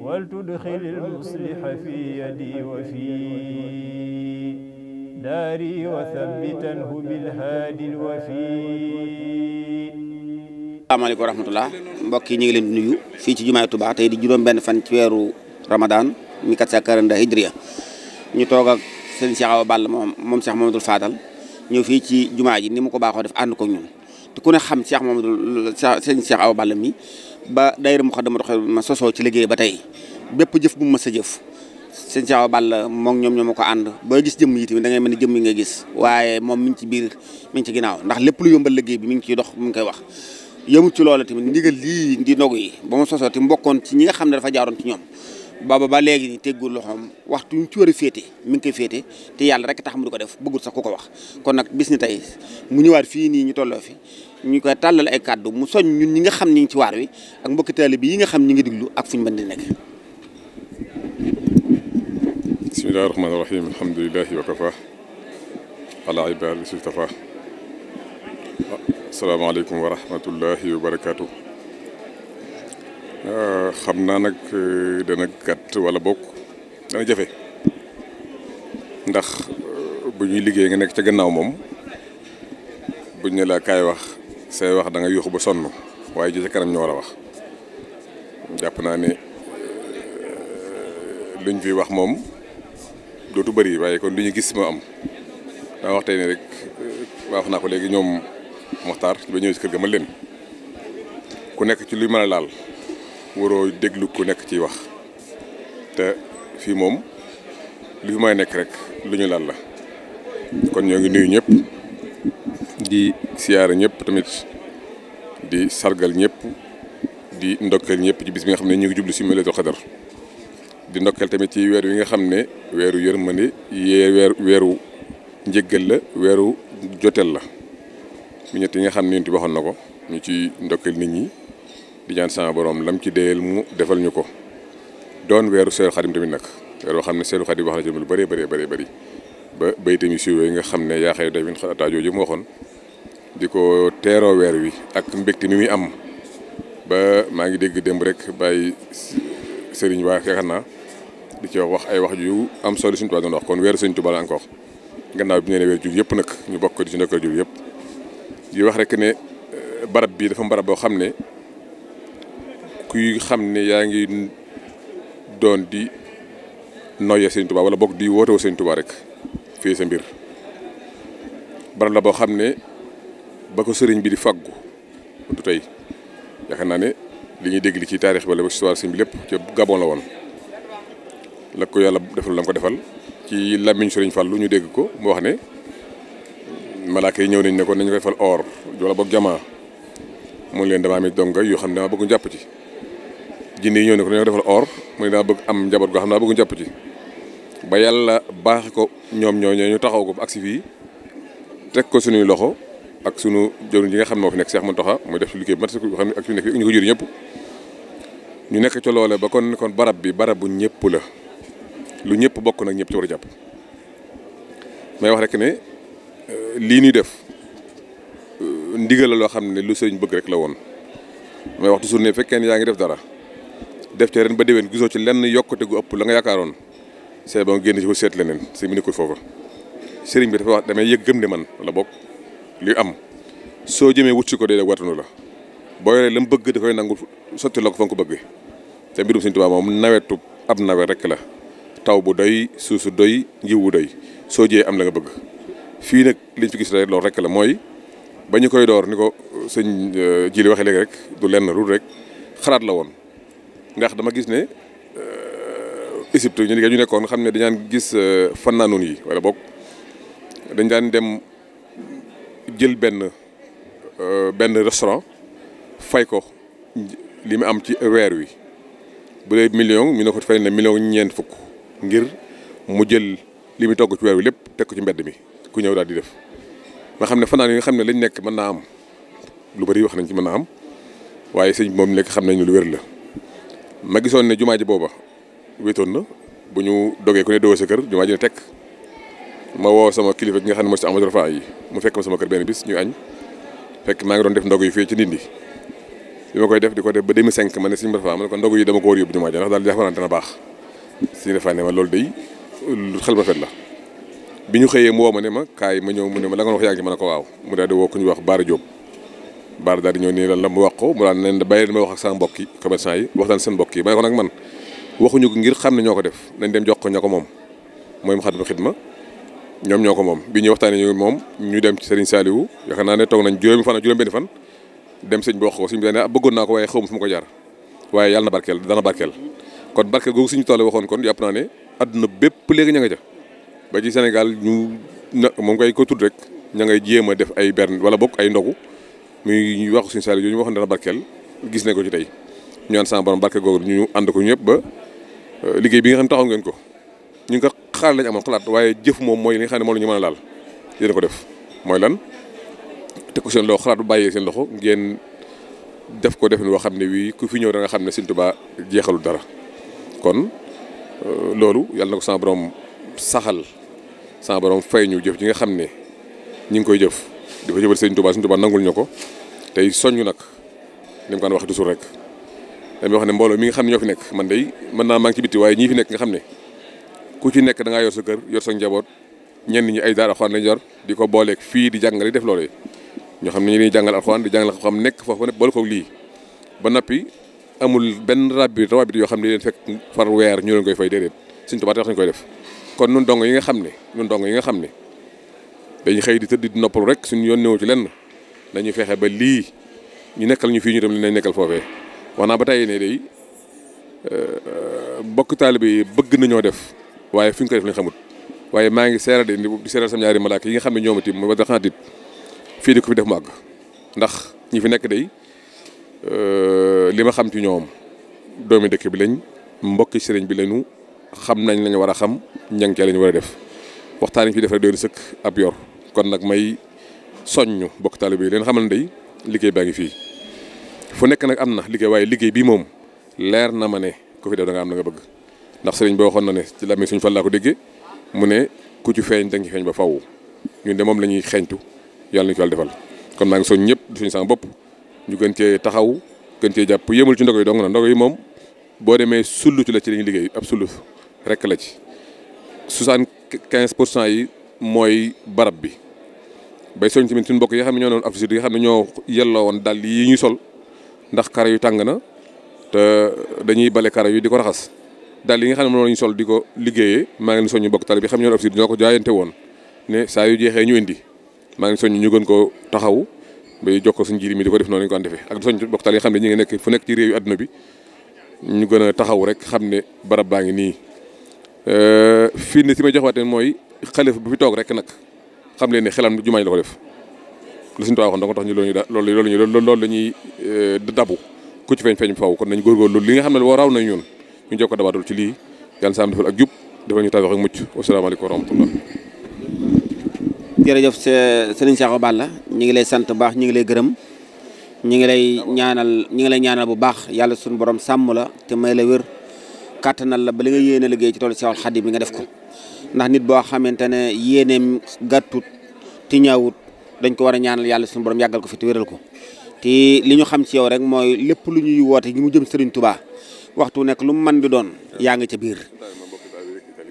ولتدخل المصلح في يدي وفي داري وثبتنه بالهادي wa rahmatullah mbokk yi ñu ngi leen di nuyu fii ci jumaay Tuubaa tey di juróom benn fan ci weeru Ramadan 1442 hijriya ñu toog ak sëñ Cheikh Awa Balla moom moom Cheikh Mamadou Fadal ñëw fii ci jumaa ji ni mu ko baaxoo def ànd ko ñun te ku ne xam Cheikh Mamadou sëñ Cheikh Awa Balla mi ba day daayira Moukhaddamatoul Khidma ma sosoo ci liggéey ba tey bépp jëf bu mu mës jëf sëñ Cheikh Awa Balla moom ñoom ñoo ma ko ànd booy gis jëmm yi tamit mel ni jëmm yi nga gis waaye moom mi ci biir mi ngi ci ginnaaw ndax lépp lu yombal liggéey bi mi ngi ciy dox mi ngi koy wax yëmut ci loolu tamit ndigal lii di ndogu yi ba mu mbokkoon ci ñi nga xam ne dafa jaaroon ci ñoom baba ba léegi ni teggul loxoom waxtu ci war féete mi ngi koy féete te yàlla rek tax mu di ko def bëggul sax ku ko wax kon nag bis ni tey mu ñëwaat fii nii ñu tolloo fi ñu koy tàllal ay kàddu mu soñ ñun ñi nga xam ñi ngi ci waar wi ak mbokki taalibe yi nga xam ñi ngi diglu ak fu ñu mën di nekk bismillahi rahmaani rahim alhamdulilahi wa kafa ala ibadi sustafa asalaamaaleykum wa rahmatullahi wa barakaatu ah, xam naa nag eh, dana gàtt wala bokk dana jafe ndax eh, bu ñuy liggéey nga nekk ca gannaaw moom buñ ne laa kaay wax say wax da nga yuuxu ba sonn waaye ji ca kanam ñu war a wax jàpp naa ne euh, luñ fi wax moom dootu bëri waaye kon lu ñu gis moo am daa wax tey ne rek euh, wax naa ko léegi ñoom Moxtaar ba ñëw si kër ga ma leen ku nekk ci luy mën a laal waroo déglu ku nekk ciy wax te fii moom lu fi may nekk rek lu ñu laal la kon ñoo ngi nuyu ñëpp. di siyaara ñëpp tamit di sargal ñëpp di ndokkeel ñëpp ci bis bi nga xam ne ñu ngi jublu si Laylatul Qadr di ndokkeel tamit ci weer wi nga xam ne weeru yërmande yee weer weeru njëggal la weeru jotel la mu ñett yi nga xam ne yéen waxoon na ko ñu ci ndokkeel nit ñi di ñaan sama borom lam ci déyal mu defal ñu ko doon weeru Seydou Khadim tamit nag weer woo xam ne wax na lu bëree bëree bëri ba béy nga xam ne yaa xëy day bin mu waxoon. di ko teeroo weer wi ak mbégte mi muy am ba maa ngi dégg démb rek bàyyi sëriñ waa yaakaar naa di ci wax ay wax ju am solo Sëriñ Tuubaa doon wax kon weeru Sëriñ Tuubaa la encore gannaaw bi ñu nee weer jul yëpp nag ñu bokk di ci ndokkeel jul yëpp di wax rek ne eh, barab bii dafa barab boo xam ne kuy xam ne yaa ngi doon di noyyee Sëriñ Tuubaa wala bokk di wootewoo Sëriñ Tuubaa rek fii sa mbir barab la boo xam ne ba ko sëriñ bi di faggu du tey yaakaar naa ne li ñuy dégg li ci taarix ba la ba histoire sëriñ lépp ca Gabon la woon la ko yàlla defal la ko defal ci làmmiñ sëriñ lu ñu dégg ko mu wax ne malaaka yi ñëw nañ ne ko nañ ko defal or wala boog jamaa mu leen damaa amee donga yoo xam ne dama bëgg jàpp ci jinne yi ñëw ne defal or mu ne daa bëgg am njaboot goo xam ne daa bëgg jàpp ci ba yàlla baax ko ñoom ñoo ñu taxaw ko ba aksi fii teg ko suñuy loxo ak sunu jëwriñ yi nga xam ne moo fi nekk Cheikh Mountakha moo def ci liggéey bu mat yoo xam ne ak ñu nekk ñu ko ba kon kon barab bi barab bu ñëpp la lu ñëpp bokk nag ñëpp ci war wax rek ne euh, lii ñuy def euh, ndigal la loo xam ne lu sëriñ bëgg rek la woon mais wax toujours ne fekkee ne yaa ngi def dara def ca ren ba déwén gisoo ci lenn yokkute gu ëpp la nga yaakaaroon c'est bon génn ci ko seet leneen si mu nekkul foofa sëriñ bi dafa wax damay yëg gëm ne man la bokk li am soo jëmee wut si ko day watanu la boo yoree la mu bëgg da koy nangu sotti la ko fa nga ko bëgg te mbirum Sëñ Tuubaa moom nawetu ab nawet rek la taw bu doy suuf su doy njiw bu doy soo jiyee am la nga bëgg fii nag liñ fi gis rek loolu rekk la mooy ba ñu koy door ni ko sëñ euh, ji li waxee léegi rek du lenn rul rek xalaat la woon ndax dama gis ne euh, Égypte ñu nekkoon xam ne dañaan gis euh, fannaanuun yi wala boog dañ daan dem jël benn euh, benn restaurant fay ko li mu am ci weer wi bu dee million mi ne ko fay na million ñeent fukk ngir mu jël li mu togg ci weer wi lépp teg ko ci mbedd mi ku ñëw daal di def nga xam ne fanaan yi nga xam ne lañ nekk mën naa am lu bari wax nañ ci mën naa am waaye sëñ moom nekk xam ñu lu wér la ma gisoon ne jumaa booba wéetoon na bu ñu dogee ku ne doo sa kër jumaa ji tekk ma woo sama kilifa gi nga xam ne mooy si Amadou Rafa yi mu fekk ma sama kër benn bis ñu añ fekk maa ngi doon def ndogu yi fii ci Ndindi bi ma koy def di ko def ba 2005 ma ne Sëñ Rafa ma ne ko ndogu yi ko war yóbbu jumaa ja ndax daal di defaraan ne ma loolu day lu xel fet la bi ñu xëyee mu woo ma ne ma kaay ma ñëw mu ne ma la nga wax yaa ngi ma ne ko waaw mu daal di woo ku ñuy wax Baara Diop Baara daal di ñëw nii lan la mu wax ko mu daal ne bàyyi ma wax ak sama mbokki commerçant yi waxtaan seen mbokk yi ma ne ko nag man waxuñu ko ngir xam ne ñoo ko def nañ dem jox ko ña ko moom mooy mu xat xidma ñoom ñoo ko moom bi ñuy waxtaanee ñu moom ñu dem ci Serigne Saliou yaakaar naa ne toog nañ juróomi fan ak juróom-benn fan dem sëñ bi wax ko sëñ bi ne ah, bëggoon naa ko waaye xaw ma fu ma ko jaar waaye yàlla na barkeel dana barkeel kon waxoon kon yàpp naa ne àdduna bépp léegi ña nga ja ba ci Sénégal ñu na moom koy ko tudd rek ña ngay jéem a def ay bern wala bokk ay ndogu muy wax suñu Saliou yooyu ñu waxoon dana barkeel gis nañ ko ci tey ñu ànd sama borom barkeel googu ñu ànd ko ñëpp ba euh, liggéey bi nga xam taxaw ngeen ko ñu ngi xalaat lañ amoon xalaat waaye jëf moom mooy li nga xam la ñu mën a laal yéen ko def mooy lan te ko seen loxo xalaat bu bàyyee seen loxo ngeen def ko defin woo xam ne wii ku fi ñëw da xam ne Sëñ Tuubaa jeexalul dara kon euh, loolu yàlla na ko sama saxal sama borom fay ñu jëf ji nga xam ne ñi ngi koy jëf di ko jëfal Sëñ Tuubaa Sëñ nangul ñu ko tey soññu nag ni mu ko wax toujours rek damay wax ne mbooloo mi nga xam ne ñoo fi nekk man day mën naa maa ngi ci bitti waaye ñii fi nekk nga xam ne ku ci nekk da ngaa yor sa kër yor sa njaboot ñenn ñi ay daara alxuraan lañ yor di ko booleeg fii di jàngale def loolu ñoo xam ne ñu ngi jàngal alxuraan di jàngal nekk foofu ba boole ko ba noppi amul benn rabbi rabbi yoo xam ne leen fekk far weer ñu koy fay déedéet suñ tubaab wax nañ koy def kon nun dong yi nga xam ne nun dong yi nga xam ne xëy di tëdd di noppalu rek suñu yoon newu ci lenn nañu fexe ba lii ñu nekkal ñu fii ñu dem li nañ nekkal foofee wax naa ba tey ne day eh, bokk taalibe yi bëgg nañoo def waaye fi ñu ko def lañ xamut waaye maa ngi seeral di di seeral sam ñaari malaaka yi nga xam ne ñoom itam mooy xanaa it fii di ko fi def mu ndax ñi fi nekk day euh, li ma xam ci ñoom doomi dëkk bi lañ mbokki sëriñ bi lañu xam nañ lañu war a xam ñang ca lañ war a def waxtaan yi fi def rek doy na sëkk ab yor kon nag may soññu bokk taalibe yi leen xamal ne day liggéey baa ngi fii fu nekk nag am na liggéey waaye liggéey bii moom leer na ma ne ku fi def da am na nga bëgg ndax sëriñ boo waxoon na ne ci làmmiñ suñu fan laa ko déggee mu ne ku ci feeñ danga ci feeñ ba faw ñun de moom la ñuy xeeñtu yàlla nañu ko defal kon maa ngi soñ ñëpp di suñu sama bopp ñu gën cee taxaw gën cee jàpp yëmul ci ndogo yi dong na ndogo yi moom boo demee sullu ci la ci lañuy liggéey ab sullu rek la ci soixante-quinze pour cent yi mooy barab bi ba soñ tamit suñu mbokk yi xam ne ñoo noon Afrique yi nga xam ne ñoo yelloo woon dal yi ñuy sol ndax kare yu tàng na te dañuy bale kare yu di ko raxas daal yi nga xam ne moom la ñu sol di ko liggéeyee maa ngi leen bokk tali bi xam ñoon ab si ñoo woon ne saa yu jeexee ñu maa ngi soññ ñu gën taxaw bay jox ko suñu jiir mi di ko def noonu lañu ko an defee ak soññ bokk tali yi xam ne ñi ñu gën a taxaw rek xam ne barab baa ngi nii fii ne si may joxwaate mooy xalif bu fi toog rek nag xam leen ne xelam jumaa ji la ko def lu suñu waxoon da nga tax ñu loolu loolu loolu la ñuy dabu ku ci feeñ feeñ faaw kon nañ góorgóorlu li nga xam ne war raw na ñun ñu jokk dabaatul ci lii yàlla saam defal ak jub defal ñu tawfeex ak mucc wasalaamaaleykum wa rahmatullah jërëjëf Serigne Cheikh Balla ñu ngi lay sant bu baax ñu ngi lay gërëm ñu ngi lay ñaanal ñu ngi lay ñaanal bu baax yàlla suñu borom sàmm la te may la wér kàttanal la ba li nga yéene liggéey ci toolu Seexul Xadiim bi nga def ko ndax nit boo xamante ne yéeneem gàttut ti ñaawut dañ ko war a ñaanal yàlla suñu borom yàggal ko fi te wéral ko te li ñu xam ci yow rek mooy lépp lu ñuy jëm Serigne Touba waxtu nekk lu mu mën di doon yaa ngi ca biir. waxtaan bi nekk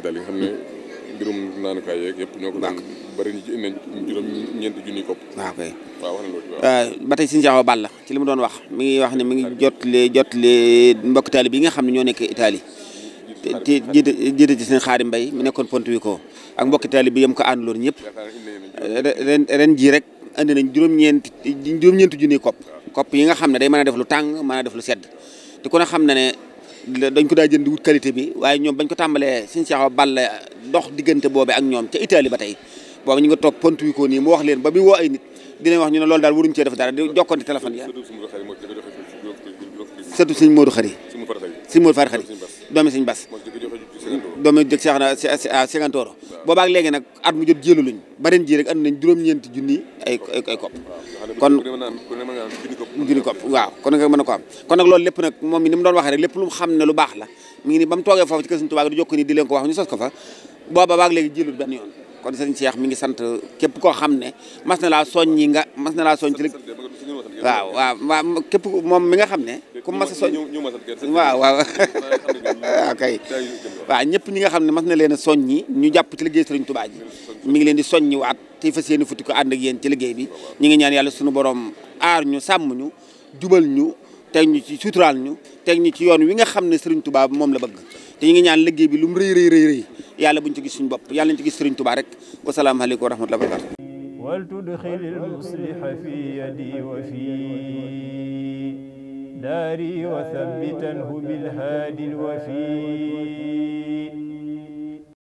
nga ci indi juróom ñeenti junni kopp waaw kay waaw wax na loolu euh, Balla ci li mu doon wax mi ngi wax ne mi ngi jotle jotle mbokk taalib yi nga xam ne ñoo nekk Italie te ji ci seen xaadim mbay mu nekkoon Pontevico ak mbokki taalib bi yam ko ànduloon loolu ren ren jii rek andi nañ juróom-ñeenti juróom junni kopp kopp yi nga xam ne day mën a def lu tàng mën a def lu sedd te ku a xam ne ne dañ ko daa jënd wut qualité bi waaye ñoom bañ ko tàmbalee suñu seexoo ball dox diggante boobe ak ñoom ca Italie ba tey boobu ñu nga toog pont wi ko nii mu wax leen ba bi woo ay nit dinañ wax ñu ne loolu daal waruñu cee def dara di jokkante téléphone yi sëtu suñ Modou Xari suñ Modou Far Xari doomi suñ Bas doomu jëkk seex na cinquante euros boobaak léegi nag at mu jot jëlu luñ bareen ji rek and nañ juróom-ñeenti junni ay ay kopp kon junni kopp waaw kon nga mën a ko am kon nag loolu lépp nag moom ni doon waxee lépp lu xam ne lu baax la mi ngi ni ba mu foofu ci kër Sëriñ di jokk ni di leen ko wax ñu sos ko fa booba baak léegi jëlul yoon kon sëriñ Cheikh mi ngi sant képp koo xam ne mas na laa soññi nga mas na laa soññ ci waaw waaw waaw képp moom mi nga xam ne ku mas a waaw waaw waaw kay waaw ñëpp ñi nga xam ne mas na leen a soññi ñu jàpp ci liggéey Sëriñ Tuubaa ji mi ngi leen di soññi waat te fas yéene futti ko ànd ak yéen ci liggéey bi ñu ngi ñaan yàlla suñu borom aar ñu ñu jubal ñu teg ñu ci suturaal ñu teg ñu ci yoon wi nga xam ne Sëriñ tubaab moom la bëgg te ñu ngi ñaan liggéey bi lum mu rëy rëy rëy rëy yàlla buñ ci gis suñu bopp yàlla ñu ci gis Sëriñ Tuubaa rek wasalaamaaleykum wa rahmatullahi wa داري وثبتا بالهادي الوفي